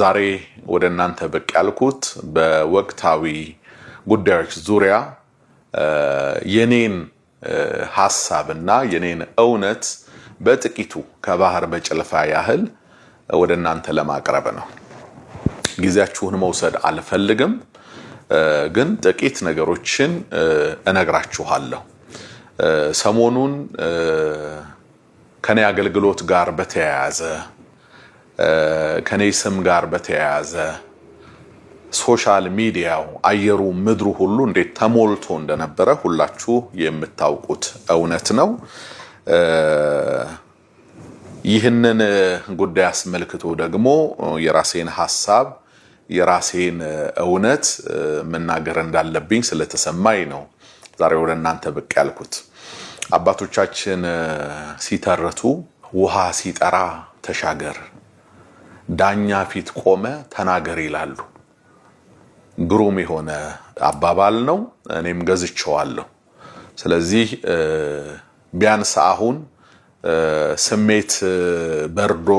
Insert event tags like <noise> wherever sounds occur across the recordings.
ዛሬ ወደ እናንተ ብቅ ያልኩት በወቅታዊ ጉዳዮች ዙሪያ የኔን ሀሳብና የኔን እውነት በጥቂቱ ከባህር በጭልፋ ያህል ወደ እናንተ ለማቅረብ ነው። ጊዜያችሁን መውሰድ አልፈልግም፣ ግን ጥቂት ነገሮችን እነግራችኋለሁ። ሰሞኑን ከኔ አገልግሎት ጋር በተያያዘ ከኔ ስም ጋር በተያያዘ ሶሻል ሚዲያው አየሩ ምድሩ ሁሉ እንዴት ተሞልቶ እንደነበረ ሁላችሁ የምታውቁት እውነት ነው። ይህንን ጉዳይ አስመልክቶ ደግሞ የራሴን ሀሳብ የራሴን እውነት መናገር እንዳለብኝ ስለተሰማኝ ነው ዛሬ ወደ እናንተ ብቅ ያልኩት። አባቶቻችን ሲተርቱ ውሃ ሲጠራ ተሻገር ዳኛ ፊት ቆመ ተናገር ይላሉ። ግሩም የሆነ አባባል ነው። እኔም ገዝቼዋለሁ። ስለዚህ ቢያንስ አሁን ስሜት በርዶ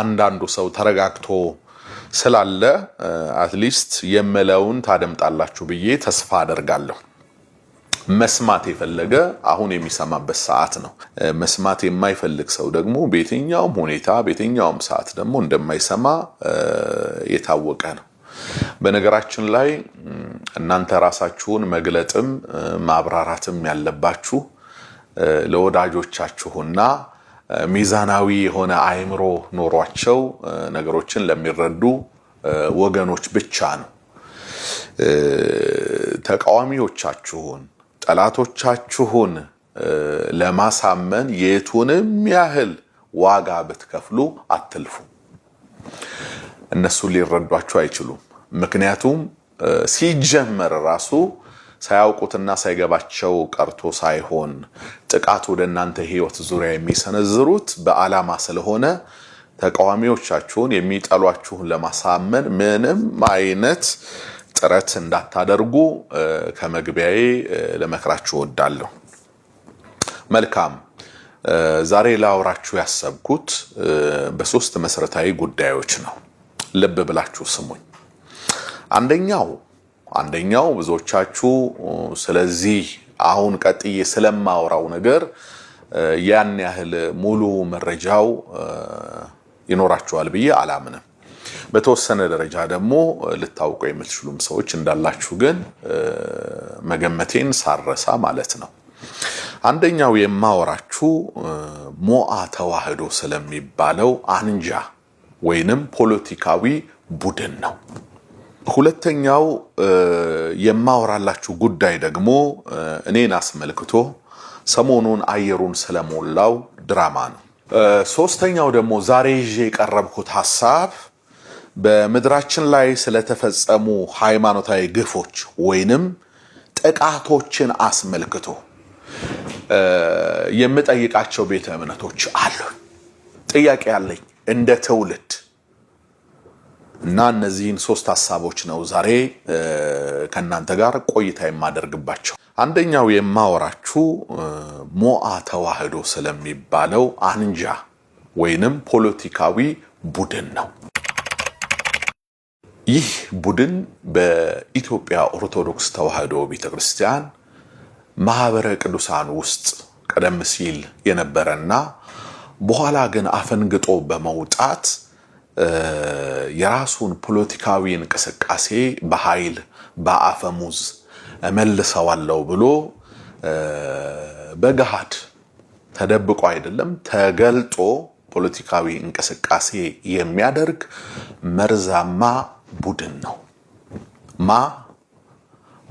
አንዳንዱ ሰው ተረጋግቶ ስላለ አትሊስት የምለውን ታደምጣላችሁ ብዬ ተስፋ አደርጋለሁ። መስማት የፈለገ አሁን የሚሰማበት ሰዓት ነው። መስማት የማይፈልግ ሰው ደግሞ በየትኛውም ሁኔታ በየትኛውም ሰዓት ደግሞ እንደማይሰማ የታወቀ ነው። በነገራችን ላይ እናንተ ራሳችሁን መግለጥም ማብራራትም ያለባችሁ ለወዳጆቻችሁና ሚዛናዊ የሆነ አእምሮ ኖሯቸው ነገሮችን ለሚረዱ ወገኖች ብቻ ነው። ተቃዋሚዎቻችሁን ጠላቶቻችሁን ለማሳመን የቱንም ያህል ዋጋ ብትከፍሉ አትልፉ። እነሱ ሊረዷችሁ አይችሉም። ምክንያቱም ሲጀመር ራሱ ሳያውቁትና ሳይገባቸው ቀርቶ ሳይሆን ጥቃት ወደ እናንተ ሕይወት ዙሪያ የሚሰነዝሩት በዓላማ ስለሆነ ተቃዋሚዎቻችሁን የሚጠሏችሁን ለማሳመን ምንም አይነት ጥረት እንዳታደርጉ ከመግቢያዬ ልመክራችሁ እወዳለሁ። መልካም። ዛሬ ላውራችሁ ያሰብኩት በሶስት መሰረታዊ ጉዳዮች ነው። ልብ ብላችሁ ስሙኝ። አንደኛው አንደኛው ብዙዎቻችሁ ስለዚህ አሁን ቀጥዬ ስለማወራው ነገር ያን ያህል ሙሉ መረጃው ይኖራችኋል ብዬ አላምንም። በተወሰነ ደረጃ ደግሞ ልታውቁ የምትችሉም ሰዎች እንዳላችሁ ግን መገመቴን ሳረሳ ማለት ነው። አንደኛው የማወራችሁ ሞአ ተዋህዶ ስለሚባለው አንጃ ወይንም ፖለቲካዊ ቡድን ነው። ሁለተኛው የማወራላችሁ ጉዳይ ደግሞ እኔን አስመልክቶ ሰሞኑን አየሩን ስለሞላው ድራማ ነው። ሶስተኛው ደግሞ ዛሬ ይዤ የቀረብኩት ሀሳብ በምድራችን ላይ ስለተፈጸሙ ሃይማኖታዊ ግፎች ወይንም ጥቃቶችን አስመልክቶ የምጠይቃቸው ቤተ እምነቶች አሉ። ጥያቄ ያለኝ እንደ ትውልድ እና እነዚህን ሶስት ሀሳቦች ነው ዛሬ ከእናንተ ጋር ቆይታ የማደርግባቸው። አንደኛው የማወራችሁ ሞአ ተዋህዶ ስለሚባለው አንጃ ወይንም ፖለቲካዊ ቡድን ነው። ይህ ቡድን በኢትዮጵያ ኦርቶዶክስ ተዋሕዶ ቤተክርስቲያን ማህበረ ቅዱሳን ውስጥ ቀደም ሲል የነበረና በኋላ ግን አፈንግጦ በመውጣት የራሱን ፖለቲካዊ እንቅስቃሴ በኃይል በአፈሙዝ እመልሰዋለሁ ብሎ በገሃድ ተደብቆ አይደለም ተገልጦ ፖለቲካዊ እንቅስቃሴ የሚያደርግ መርዛማ ቡድን ነው። ማ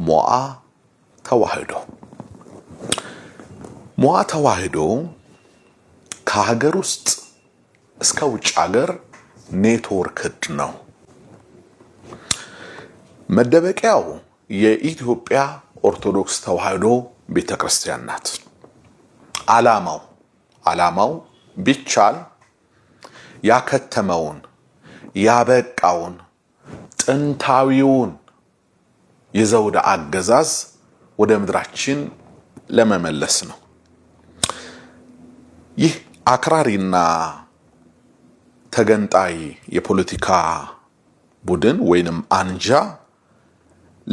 ሞአ ተዋህዶ ሞአ ተዋህዶ ከሀገር ውስጥ እስከ ውጭ ሀገር ኔትወርክድ ነው። መደበቂያው የኢትዮጵያ ኦርቶዶክስ ተዋህዶ ቤተ ክርስቲያን ናት። አላማው አላማው ቢቻል ያከተመውን ያበቃውን ጥንታዊውን የዘውድ አገዛዝ ወደ ምድራችን ለመመለስ ነው። ይህ አክራሪና ተገንጣይ የፖለቲካ ቡድን ወይንም አንጃ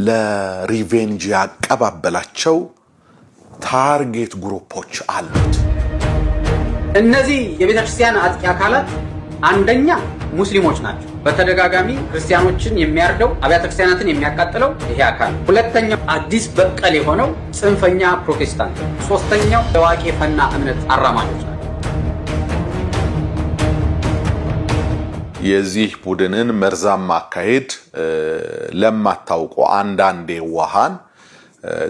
ለሪቬንጅ ያቀባበላቸው ታርጌት ግሩፖች አሉት። እነዚህ የቤተክርስቲያን አጥቂ አካላት አንደኛ ሙስሊሞች ናቸው። በተደጋጋሚ ክርስቲያኖችን የሚያርደው አብያተ ክርስቲያናትን የሚያቃጥለው ይሄ አካል ነው። ሁለተኛው አዲስ በቀል የሆነው ጽንፈኛ ፕሮቴስታንት፣ ሶስተኛው የዋቄ ፈና እምነት አራማጆች ነው። የዚህ ቡድንን መርዛማ አካሄድ ለማታውቁ አንዳንዴ ዋሃን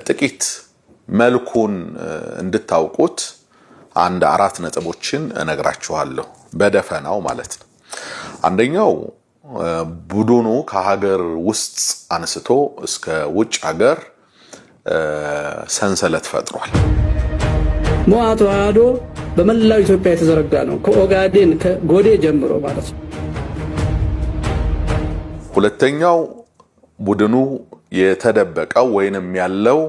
ጥቂት መልኩን እንድታውቁት አንድ አራት ነጥቦችን እነግራችኋለሁ፣ በደፈናው ማለት ነው። አንደኛው ቡድኑ ከሀገር ውስጥ አንስቶ እስከ ውጭ ሀገር ሰንሰለት ፈጥሯል። ሞዓ ተዋህዶ በመላው ኢትዮጵያ የተዘረጋ ነው። ከኦጋዴን ከጎዴ ጀምሮ ማለት ነው። ሁለተኛው ቡድኑ የተደበቀው ወይንም ያለው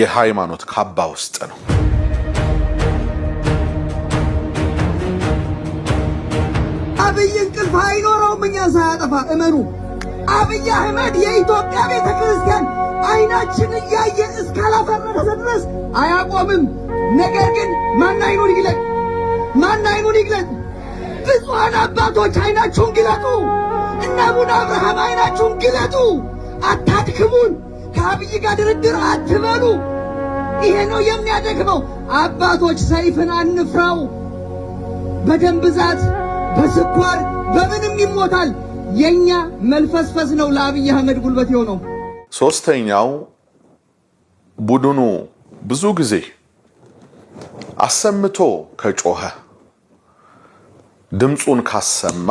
የሃይማኖት ካባ ውስጥ ነው። አብይ እንቅልፍ አይኖረውም እኛ ሳያጠፋ እመኑ። አብይ አህመድ የኢትዮጵያ ቤተ ክርስቲያን አይናችን እያየ እስካላፈረሰ ድረስ አያቆምም። ነገር ግን ማን አይኑን ይግለጥ? ማን አይኑን ይግለጥ? ብፁዓን አባቶች አይናችሁን ግለጡ። እነ አቡነ አብርሃም አይናችሁን ግለጡ። አታድክሙን። ከአብይ ጋር ድርድር አትበሉ። ይሄ ነው የሚያደክመው። አባቶች ሰይፍን አንፍራው። በደም ብዛት በስኳር በምንም ይሞታል። የኛ መልፈስፈስ ነው ለአብይ አህመድ ጉልበት የሆነው። ሶስተኛው ቡድኑ ብዙ ጊዜ አሰምቶ ከጮኸ ድምፁን ካሰማ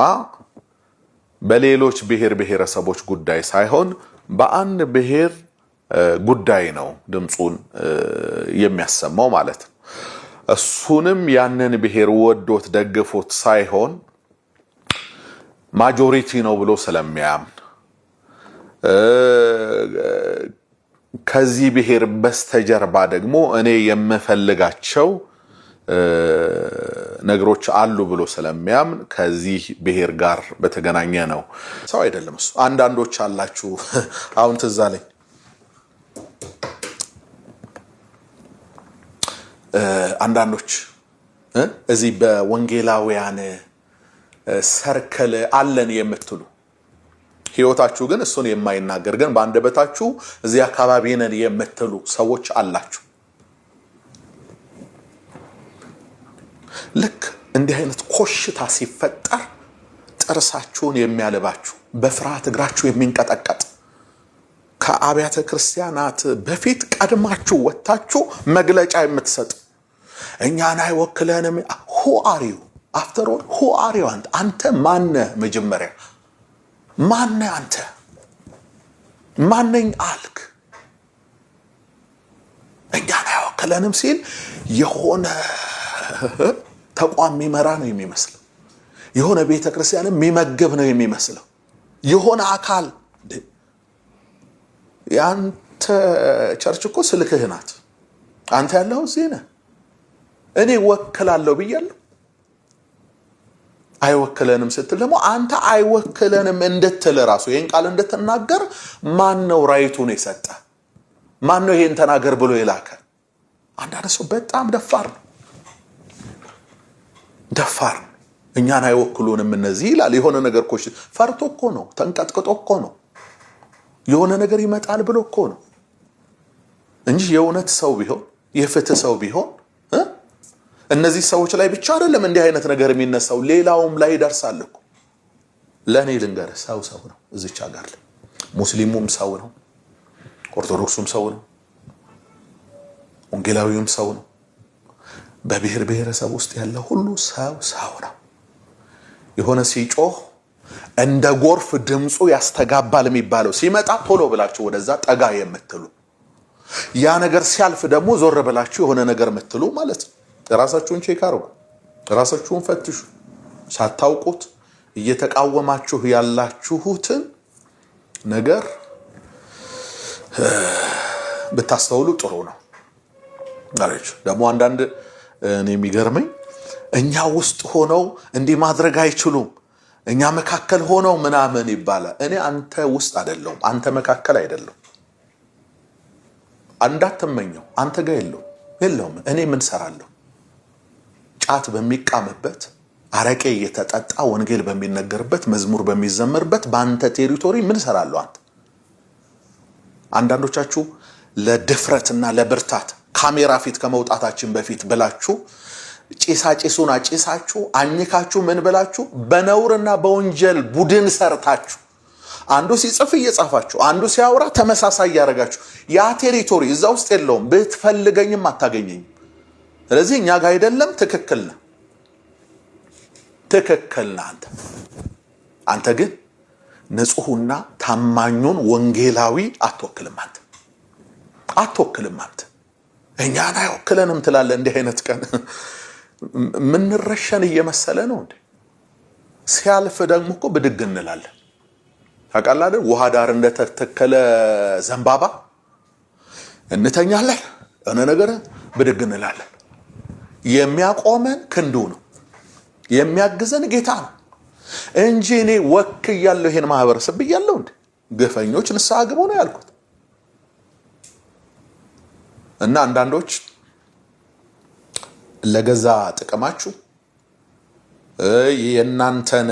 በሌሎች ብሔር ብሔረሰቦች ጉዳይ ሳይሆን በአንድ ብሔር ጉዳይ ነው ድምፁን የሚያሰማው ማለት ነው። እሱንም ያንን ብሔር ወዶት ደግፎት ሳይሆን ማጆሪቲ ነው ብሎ ስለሚያምን ከዚህ ብሔር በስተጀርባ ደግሞ እኔ የምፈልጋቸው ነገሮች አሉ ብሎ ስለሚያምን ከዚህ ብሔር ጋር በተገናኘ ነው። ሰው አይደለም እሱ። አንዳንዶች አላችሁ <laughs> አሁን ትዝ አለኝ አንዳንዶች እዚህ በወንጌላውያን ሰርከል አለን የምትሉ ህይወታችሁ ግን እሱን የማይናገር ግን በአንደበታችሁ እዚህ አካባቢ ነን የምትሉ ሰዎች አላችሁ። ልክ እንዲህ አይነት ኮሽታ ሲፈጠር ጥርሳችሁን የሚያልባችሁ በፍርሃት እግራችሁ የሚንቀጠቀጥ ከአብያተ ክርስቲያናት በፊት ቀድማችሁ ወጥታችሁ መግለጫ የምትሰጥ እኛን አይወክለንም ሁ አሪዩ አፍተር ኦል ሁ አር ዩ አንተ አንተ መጀመሪያ ማነ አንተ ማነኝ አልክ። እኛን አይወክለንም ሲል የሆነ ተቋም የሚመራ ነው የሚመስለው፣ የሆነ ቤተ ክርስቲያን የሚመግብ ነው የሚመስለው፣ የሆነ አካል የአንተ ቸርች እኮ ስልክህ ናት። አንተ ያለው እዚህ ነህ። እኔ ወክላለሁ ብያለሁ አይወክለንም ስትል ደግሞ አንተ አይወክለንም እንድትል ራሱ ይህን ቃል እንድትናገር ማን ነው ራይቱን የሰጠ? ማን ነው ይሄን ተናገር ብሎ የላከ? አንዳንድ ሰው በጣም ደፋር ነው፣ ደፋር ነው። እኛን አይወክሉንም እነዚህ ይላል። የሆነ ነገር ኮሽ ፈርቶ እኮ ነው፣ ተንቀጥቅጦ እኮ ነው፣ የሆነ ነገር ይመጣል ብሎ እኮ ነው እንጂ የእውነት ሰው ቢሆን የፍትህ ሰው ቢሆን እነዚህ ሰዎች ላይ ብቻ አይደለም እንዲህ አይነት ነገር የሚነሳው ሌላውም ላይ ይደርሳል እኮ። ለእኔ ልንገርህ፣ ሰው ሰው ነው። እዚች ሀገር ሙስሊሙም ሰው ነው፣ ኦርቶዶክሱም ሰው ነው፣ ወንጌላዊውም ሰው ነው። በብሔር ብሔረሰብ ውስጥ ያለ ሁሉ ሰው ሰው ነው። የሆነ ሲጮህ እንደ ጎርፍ ድምፁ ያስተጋባል የሚባለው ሲመጣ ቶሎ ብላችሁ ወደዛ ጠጋ የምትሉ ያ ነገር ሲያልፍ ደግሞ ዞር ብላችሁ የሆነ ነገር የምትሉ ማለት ነው። ራሳችሁን ቼክ አድርጉ። ራሳችሁን ፈትሹ። ሳታውቁት እየተቃወማችሁ ያላችሁትን ነገር ብታስተውሉ ጥሩ ነው ደግሞ አንዳንድ እኔ የሚገርመኝ እኛ ውስጥ ሆነው እንዲህ ማድረግ አይችሉም፣ እኛ መካከል ሆነው ምናምን ይባላል። እኔ አንተ ውስጥ አይደለሁም፣ አንተ መካከል አይደለሁም። እንዳትመኘው አንተ ጋር የለውም የለውም። እኔ ምን ሰራለሁ? ጫት በሚቃምበት አረቄ እየተጠጣ ወንጌል በሚነገርበት መዝሙር በሚዘመርበት በአንተ ቴሪቶሪ ምን እሰራለሁ? አንተ አንዳንዶቻችሁ ለድፍረትና ለብርታት ካሜራ ፊት ከመውጣታችን በፊት ብላችሁ ጭሳጭሱን አጭሳችሁ አኝካችሁ ምን ብላችሁ በነውርና በወንጀል ቡድን ሰርታችሁ አንዱ ሲጽፍ እየጻፋችሁ አንዱ ሲያወራ ተመሳሳይ እያደረጋችሁ ያ ቴሪቶሪ እዛ ውስጥ የለውም። ብትፈልገኝም አታገኘኝ ስለዚህ እኛ ጋር አይደለም። ትክክል ነህ፣ ትክክል ነህ አንተ አንተ ግን ንጹሕና ታማኙን ወንጌላዊ አትወክልም። አንተ አትወክልም። አንተ እኛን አይወክለንም ትላለህ። እንዲህ አይነት ቀን ምንረሸን እየመሰለ ነው እንዴ? ሲያልፍ ደግሞ እኮ ብድግ እንላለን። ታውቃለህ አይደል? ውሃ ዳር እንደተተከለ ዘንባባ እንተኛለን። የሆነ ነገር ብድግ እንላለን። የሚያቆመን ክንዱ ነው፣ የሚያግዘን ጌታ ነው እንጂ እኔ ወክ እያለሁ ይሄን ማህበረሰብ ብያለሁ። እንዴ ግፈኞች ንስሐ ግቡ ነው ያልኩት። እና አንዳንዶች ለገዛ ጥቅማችሁ የእናንተን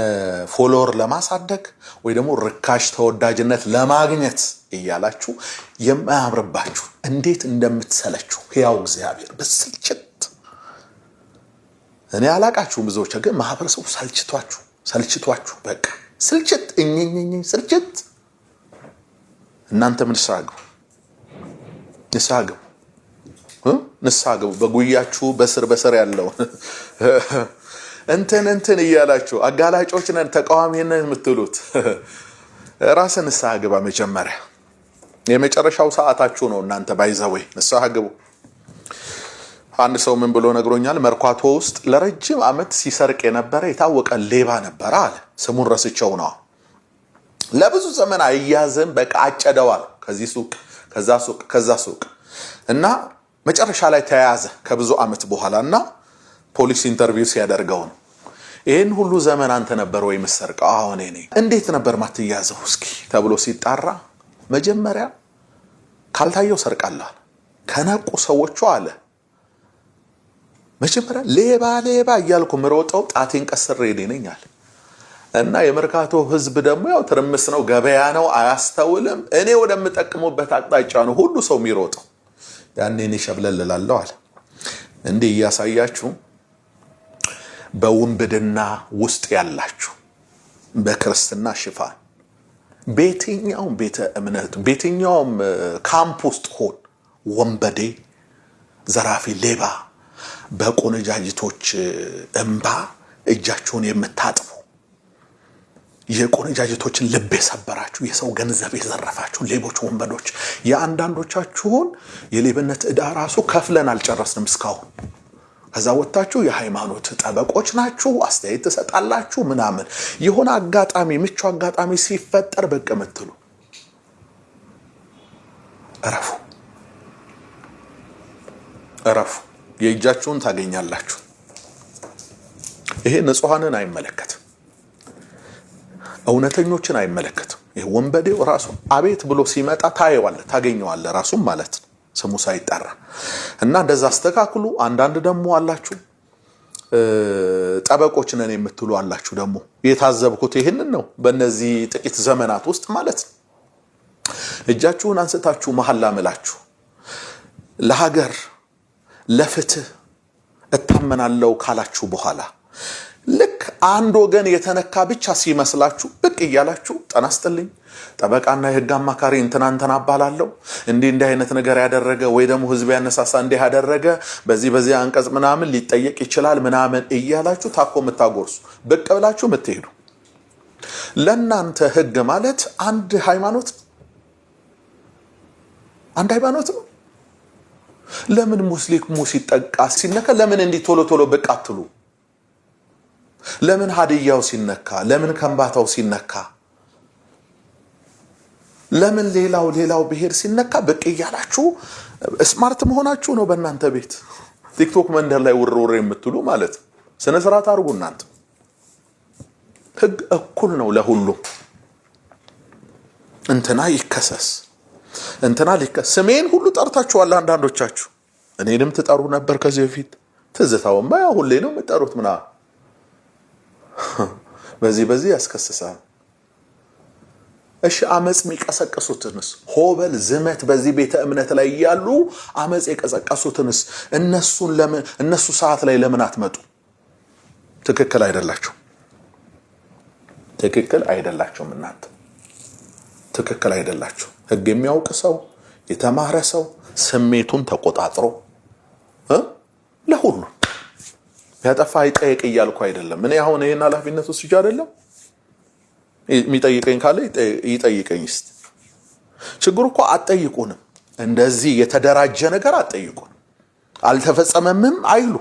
ፎሎወር ለማሳደግ ወይ ደግሞ ርካሽ ተወዳጅነት ለማግኘት እያላችሁ የማያምርባችሁ እንዴት እንደምትሰለችው ሕያው እግዚአብሔር ብስልችት እኔ አላቃችሁም። ብዙዎች ግን ማህበረሰቡ ሰልችቷችሁ ሰልችቷችሁ በቃ ስልችት እኝኝኝ ስልችት። እናንተም ንስሐ ግቡ፣ ንስሐ ግቡ፣ ንስሐ ግቡ። በጉያችሁ በስር በስር ያለው <laughs> እንትን እንትን እያላችሁ አጋላጮች ነን ተቃዋሚ ነን የምትሉት ራስ ንስሐ ግባ። መጀመሪያ የመጨረሻው ሰዓታችሁ ነው። እናንተ ባይዘወይ ንስሐ ግቡ። አንድ ሰው ምን ብሎ ነግሮኛል። መርኳቶ ውስጥ ለረጅም ዓመት ሲሰርቅ የነበረ የታወቀ ሌባ ነበረ አለ። ስሙን ረስቸው ነው። ለብዙ ዘመን አያዝም፣ በቃ አጨደዋል። ከዚህ ሱቅ፣ ከዛ ሱቅ፣ ከዛ ሱቅ እና መጨረሻ ላይ ተያያዘ ከብዙ ዓመት በኋላ እና ፖሊስ ኢንተርቪው ሲያደርገው ነው ይህን ሁሉ ዘመን አንተ ነበር ወይ የምትሰርቀው? አዎ እኔ ነኝ። እንዴት ነበር ማትያዘው እስኪ ተብሎ ሲጣራ መጀመሪያ ካልታየው ሰርቃላል ከነቁ ሰዎቹ አለ መጀመሪያ ሌባ ሌባ እያልኩ ምሮጠው ጣቴን ቀስሬ ነኛል እና የመርካቶ ህዝብ ደግሞ ያው ትርምስ ነው፣ ገበያ ነው፣ አያስተውልም። እኔ ወደምጠቅሙበት አቅጣጫ ነው ሁሉ ሰው የሚሮጠው። ያኔ እኔ ሸብለል እላለሁ አለ። እንዲህ እያሳያችሁ በውንብድና ውስጥ ያላችሁ በክርስትና ሽፋን በየትኛውም ቤተ እምነት በየትኛውም ካምፕ ውስጥ ሆን ወንበዴ፣ ዘራፊ፣ ሌባ በቆነጃጅቶች እምባ እጃችሁን የምታጥፉ የቆነጃጅቶችን ልብ የሰበራችሁ የሰው ገንዘብ የዘረፋችሁ ሌቦች፣ ወንበዶች የአንዳንዶቻችሁን የሌብነት ዕዳ ራሱ ከፍለን አልጨረስንም እስካሁን። ከዛ ወጥታችሁ የሃይማኖት ጠበቆች ናችሁ፣ አስተያየት ትሰጣላችሁ ምናምን የሆነ አጋጣሚ ምቹ አጋጣሚ ሲፈጠር ብቅ ምትሉ እረፉ፣ እረፉ። የእጃችሁን ታገኛላችሁ። ይሄ ንጹሐንን አይመለከትም፣ እውነተኞችን አይመለከትም። ይሄ ወንበዴው ራሱ አቤት ብሎ ሲመጣ ታየዋለ ታገኘዋለ ራሱም ማለት ነው ስሙ ሳይጠራ እና እንደዛ አስተካክሉ። አንዳንድ ደግሞ አላችሁ ጠበቆች ነን የምትሉ አላችሁ። ደግሞ የታዘብኩት ይህንን ነው በእነዚህ ጥቂት ዘመናት ውስጥ ማለት ነው። እጃችሁን አንስታችሁ መሐላ ምላችሁ ለሀገር ለፍትህ እታመናለሁ ካላችሁ በኋላ ልክ አንድ ወገን የተነካ ብቻ ሲመስላችሁ ብቅ እያላችሁ ጠናስጥልኝ ጠበቃና የህግ አማካሪ እንትናንተን አባላለሁ እንዲህ እንዲህ አይነት ነገር ያደረገ ወይ ደግሞ ህዝብ ያነሳሳ እንዲህ ያደረገ በዚህ በዚህ አንቀጽ ምናምን ሊጠየቅ ይችላል ምናምን እያላችሁ ታኮ የምታጎርሱ ብቅ ብላችሁ የምትሄዱ ለእናንተ ህግ ማለት አንድ ሃይማኖት አንድ ሃይማኖት ነው ለምን ሙስሊሙ ሲጠቃ ሲነካ ለምን እንዲህ ቶሎ ቶሎ ብቅ አትሉ? ለምን ሀዲያው ሲነካ፣ ለምን ከንባታው ሲነካ፣ ለምን ሌላው ሌላው ብሄር ሲነካ ብቅ እያላችሁ ስማርት መሆናችሁ ነው። በእናንተ ቤት ቲክቶክ መንደር ላይ ውርውር የምትሉ ማለት ስነ ስርዓት አድርጉ። እናንተ ህግ እኩል ነው ለሁሉም። እንትና ይከሰስ እንትና ሊከ ስሜን ሁሉ ጠርታችኋል። አንዳንዶቻችሁ እኔንም ትጠሩ ነበር ከዚህ በፊት ትዝታውማ ያው ሁሌ ነው የምጠሩት ምናምን <laughs> በዚህ በዚህ ያስከስሳል። እሺ አመፅ የሚቀሰቀሱትንስ ሆበል ዝመት በዚህ ቤተ እምነት ላይ እያሉ አመፅ የቀሰቀሱትንስ እነሱን ለምን እነሱ ሰዓት ላይ ለምን አትመጡ? ትክክል አይደላችሁ፣ ትክክል አይደላችሁም። እናንተ ትክክል አይደላችሁ። ህግ የሚያውቅ ሰው የተማረ ሰው ስሜቱን ተቆጣጥሮ ለሁሉ ያጠፋ ይጠየቅ እያልኩ አይደለም። እኔ አሁን ይህን ኃላፊነት ውስጅ አይደለም። የሚጠይቀኝ ካለ ይጠይቀኝ። ስ ችግሩ እኮ አጠይቁንም፣ እንደዚህ የተደራጀ ነገር አትጠይቁንም። አልተፈጸመምም አይሉ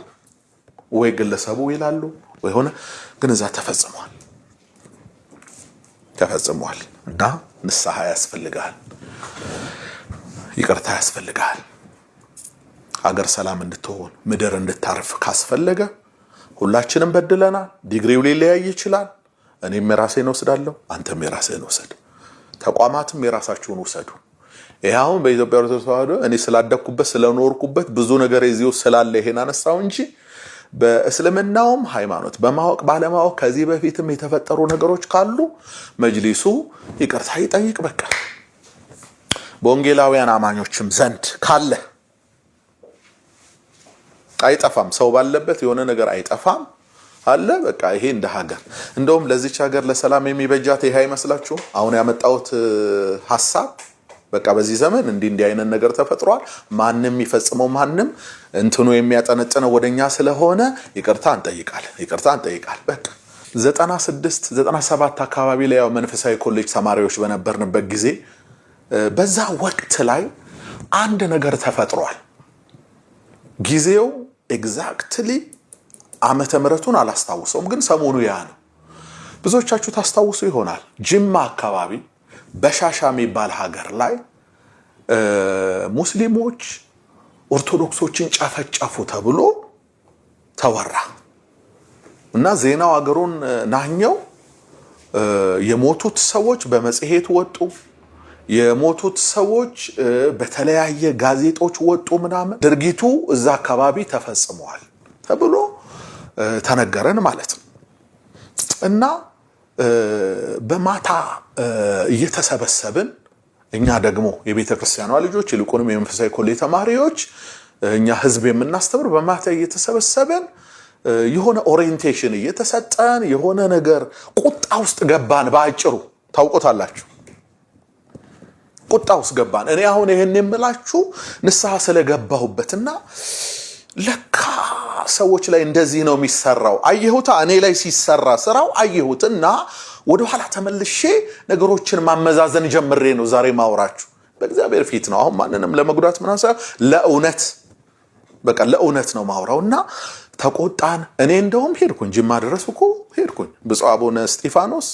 ወይ ግለሰቡ ይላሉ ወይ ሆነ ግን እዛ ተፈጽሟል። ተፈጽሟል እና ንስሐ ያስፈልግሃል፣ ይቅርታ ያስፈልግሃል። አገር ሰላም እንድትሆን ምድር እንድታርፍ ካስፈለገ ሁላችንም በድለናል። ዲግሪው ሊለያይ ይችላል። እኔም የራሴን ወስዳለሁ፣ አንተም የራሴን ውሰድ፣ ተቋማትም የራሳችሁን ውሰዱ። ይህ አሁን በኢትዮጵያ ኦርቶዶክስ እኔ ስላደግኩበት ስለኖርኩበት ብዙ ነገር የዚሁ ስላለ ይሄን አነሳው እንጂ በእስልምናውም ሃይማኖት በማወቅ ባለማወቅ ከዚህ በፊትም የተፈጠሩ ነገሮች ካሉ መጅሊሱ ይቅርታ ይጠይቅ። በቃ በወንጌላውያን አማኞችም ዘንድ ካለ አይጠፋም፣ ሰው ባለበት የሆነ ነገር አይጠፋም አለ። በቃ ይሄ እንደ ሀገር እንደውም ለዚች ሀገር ለሰላም የሚበጃት ይሄ አይመስላችሁም? አሁን ያመጣሁት ሀሳብ በቃ በዚህ ዘመን እንዲህ እንዲህ አይነት ነገር ተፈጥሯል። ማንም የሚፈጽመው ማንም እንትኑ የሚያጠነጥነው ወደኛ ስለሆነ ይቅርታ እንጠይቃለን፣ ይቅርታ እንጠይቃለን። በቃ ዘጠና ሰባት አካባቢ ላይ ያው መንፈሳዊ ኮሌጅ ተማሪዎች በነበርንበት ጊዜ በዛ ወቅት ላይ አንድ ነገር ተፈጥሯል። ጊዜው ኤግዛክትሊ ዓመተ ምሕረቱን አላስታውሰውም፣ ግን ሰሞኑ ያ ነው። ብዙዎቻችሁ ታስታውሱ ይሆናል ጅማ አካባቢ በሻሻ የሚባል ሀገር ላይ ሙስሊሞች ኦርቶዶክሶችን ጨፈጨፉ ተብሎ ተወራ እና ዜናው አገሩን ናኘው። የሞቱት ሰዎች በመጽሔት ወጡ። የሞቱት ሰዎች በተለያየ ጋዜጦች ወጡ ምናምን ድርጊቱ እዛ አካባቢ ተፈጽመዋል ተብሎ ተነገረን ማለት ነው እና በማታ እየተሰበሰብን እኛ ደግሞ የቤተ ክርስቲያኗ ልጆች ይልቁንም የመንፈሳዊ ኮሌጅ ተማሪዎች እኛ ህዝብ የምናስተምር በማታ እየተሰበሰበን የሆነ ኦሪንቴሽን እየተሰጠን የሆነ ነገር ቁጣ ውስጥ ገባን። በአጭሩ ታውቆታላችሁ፣ ቁጣ ውስጥ ገባን። እኔ አሁን ይህን የምላችሁ ንስሐ ስለገባሁበትና ለካ ሰዎች ላይ እንደዚህ ነው የሚሰራው። አየሁታ እኔ ላይ ሲሰራ ስራው አየሁትና ወደ ኋላ ተመልሼ ነገሮችን ማመዛዘን ጀምሬ ነው ዛሬ ማውራችሁ። በእግዚአብሔር ፊት ነው። አሁን ማንንም ለመጉዳት ምናሳ ለእውነት በቃ ለእውነት ነው ማውራው እና ተቆጣን። እኔ እንደውም ሄድኩኝ ጅማ ድረስ እኮ ሄድኩኝ። ብፁዕ አቡነ እስጢፋኖስ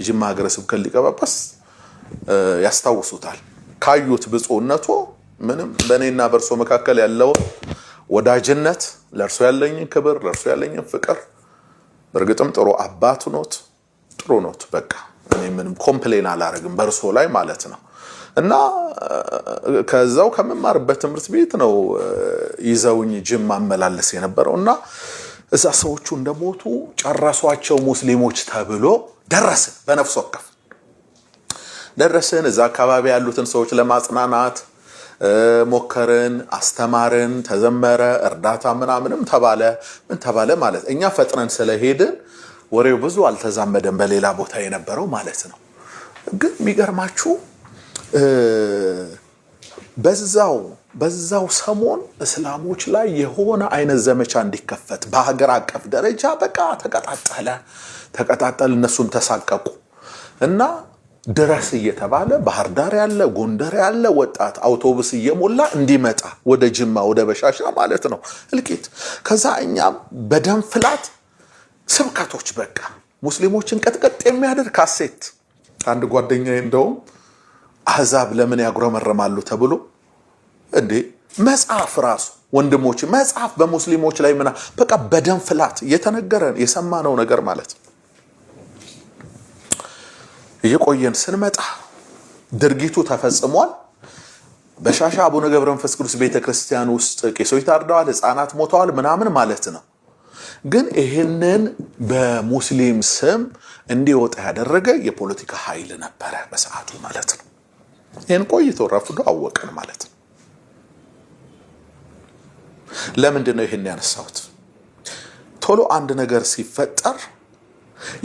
የጅማ ሀገረ ስብከት ሊቀ ጳጳስ ያስታውሱታል። ካዩት ብፁዕነቶ ምንም በእኔና በእርሶ መካከል ያለውን ወዳጅነት፣ ለእርሶ ያለኝን ክብር፣ ለእርሶ ያለኝን ፍቅር በእርግጥም ጥሩ አባት ኖት ጥሩ ነው። በቃ እኔ ምንም ኮምፕሌን አላደርግም በእርሶ ላይ ማለት ነው። እና ከዛው ከምማርበት ትምህርት ቤት ነው ይዘውኝ ጅም አመላለስ የነበረው እና እዛ ሰዎቹ እንደሞቱ ጨረሷቸው ሙስሊሞች ተብሎ ደረስን። በነፍስ ወከፍ ደረስን። እዛ አካባቢ ያሉትን ሰዎች ለማጽናናት ሞከርን፣ አስተማርን፣ ተዘመረ፣ እርዳታ ምናምንም ተባለ ምን ተባለ ማለት እኛ ፈጥነን ስለሄድን ወሬው ብዙ አልተዛመደም፣ በሌላ ቦታ የነበረው ማለት ነው። ግን የሚገርማችሁ በዛው በዛው ሰሞን እስላሞች ላይ የሆነ አይነት ዘመቻ እንዲከፈት በሀገር አቀፍ ደረጃ በቃ ተቀጣጠለ ተቀጣጠል፣ እነሱም ተሳቀቁ እና ድረስ እየተባለ ባህር ዳር ያለ ጎንደር ያለ ወጣት አውቶቡስ እየሞላ እንዲመጣ ወደ ጅማ ወደ በሻሻ ማለት ነው እልቂት። ከዛ እኛም በደም ፍላት ስብከቶች በቃ ሙስሊሞችን ቀጥቀጥ የሚያደርግ ካሴት። አንድ ጓደኛ እንደውም አህዛብ ለምን ያጉረመረማሉ ተብሎ እንዴ መጽሐፍ ራሱ ወንድሞች መጽሐፍ በሙስሊሞች ላይ ምና በቃ በደም ፍላት እየተነገረን የሰማነው ነገር ማለት እየቆየን ስንመጣ ድርጊቱ ተፈጽሟል። በሻሻ አቡነ ገብረ መንፈስ ቅዱስ ቤተክርስቲያን ውስጥ ቄሶች ታርደዋል፣ ህፃናት ሞተዋል ምናምን ማለት ነው። ግን ይህንን በሙስሊም ስም እንዲወጣ ያደረገ የፖለቲካ ኃይል ነበረ በሰዓቱ ማለት ነው። ይህን ቆይቶ ረፍዶ አወቀን ማለት ነው። ለምንድን ነው ይህን ያነሳሁት? ቶሎ አንድ ነገር ሲፈጠር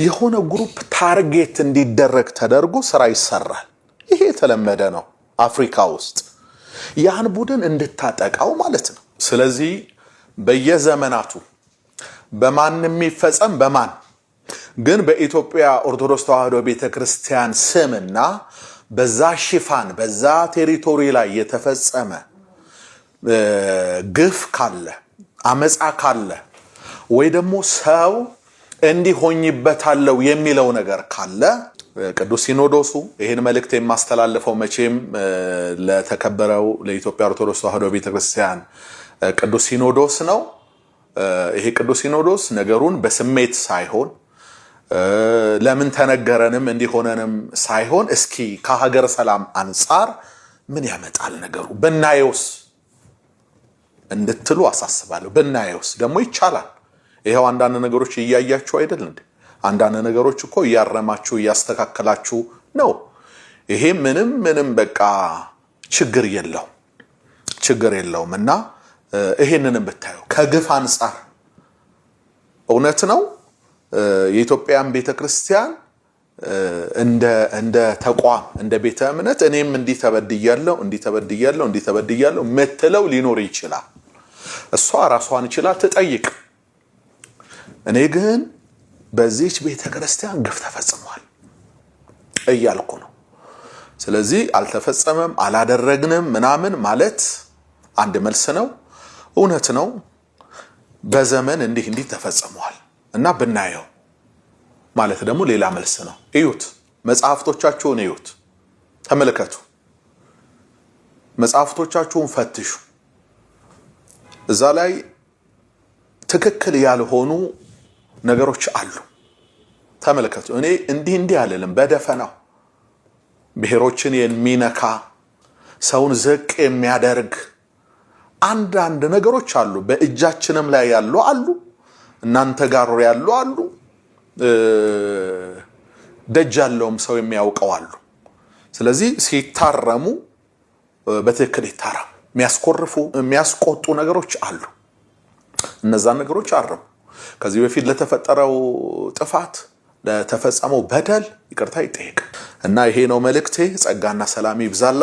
የሆነ ግሩፕ ታርጌት እንዲደረግ ተደርጎ ስራ ይሰራል። ይሄ የተለመደ ነው አፍሪካ ውስጥ ያን ቡድን እንድታጠቃው ማለት ነው። ስለዚህ በየዘመናቱ በማን የሚፈጸም በማን ግን በኢትዮጵያ ኦርቶዶክስ ተዋህዶ ቤተ ክርስቲያን ስምና በዛ ሽፋን በዛ ቴሪቶሪ ላይ የተፈጸመ ግፍ ካለ አመፃ ካለ ወይ ደግሞ ሰው እንዲሆኝበታለው የሚለው ነገር ካለ ቅዱስ ሲኖዶሱ ይህን መልእክት የማስተላልፈው መቼም ለተከበረው ለኢትዮጵያ ኦርቶዶክስ ተዋህዶ ቤተክርስቲያን ቅዱስ ሲኖዶስ ነው። ይሄ ቅዱስ ሲኖዶስ ነገሩን በስሜት ሳይሆን ለምን ተነገረንም እንዲሆነንም ሳይሆን እስኪ ከሀገር ሰላም አንጻር ምን ያመጣል ነገሩ ብናየውስ እንድትሉ አሳስባለሁ። ብናየውስ ደግሞ ይቻላል። ይኸው አንዳንድ ነገሮች እያያችሁ አይደል እንዴ? አንዳንድ ነገሮች እኮ እያረማችሁ እያስተካከላችሁ ነው። ይሄ ምንም ምንም በቃ ችግር የለውም ችግር የለውም እና ይሄንንም ብታየው ከግፍ አንጻር እውነት ነው። የኢትዮጵያን ቤተ ክርስቲያን እንደ ተቋም እንደ ቤተ እምነት እኔም እንዲህ ተበድያለሁ፣ እንዲህ ተበድያለሁ፣ እንዲህ ተበድያለሁ ምትለው ሊኖር ይችላል። እሷ ራሷን ይችላል ትጠይቅ። እኔ ግን በዚች ቤተ ክርስቲያን ግፍ ተፈጽሟል እያልኩ ነው። ስለዚህ አልተፈጸመም፣ አላደረግንም ምናምን ማለት አንድ መልስ ነው። እውነት ነው። በዘመን እንዲህ እንዲህ ተፈጽሟል እና ብናየው ማለት ደግሞ ሌላ መልስ ነው። እዩት፣ መጽሐፍቶቻችሁን እዩት፣ ተመልከቱ፣ መጽሐፍቶቻችሁን ፈትሹ። እዛ ላይ ትክክል ያልሆኑ ነገሮች አሉ። ተመልከቱ። እኔ እንዲህ እንዲህ አልልም። በደፈናው ብሔሮችን የሚነካ ሰውን ዝቅ የሚያደርግ አንዳንድ ነገሮች አሉ። በእጃችንም ላይ ያሉ አሉ፣ እናንተ ጋር ያሉ አሉ፣ ደጅ ያለውም ሰው የሚያውቀው አሉ። ስለዚህ ሲታረሙ በትክክል ይታረሙ። የሚያስኮርፉ የሚያስቆጡ ነገሮች አሉ። እነዛን ነገሮች አርሙ። ከዚህ በፊት ለተፈጠረው ጥፋት ለተፈጸመው በደል ይቅርታ ይጠየቅ እና ይሄ ነው መልእክቴ። ጸጋና ሰላም ይብዛላችሁ።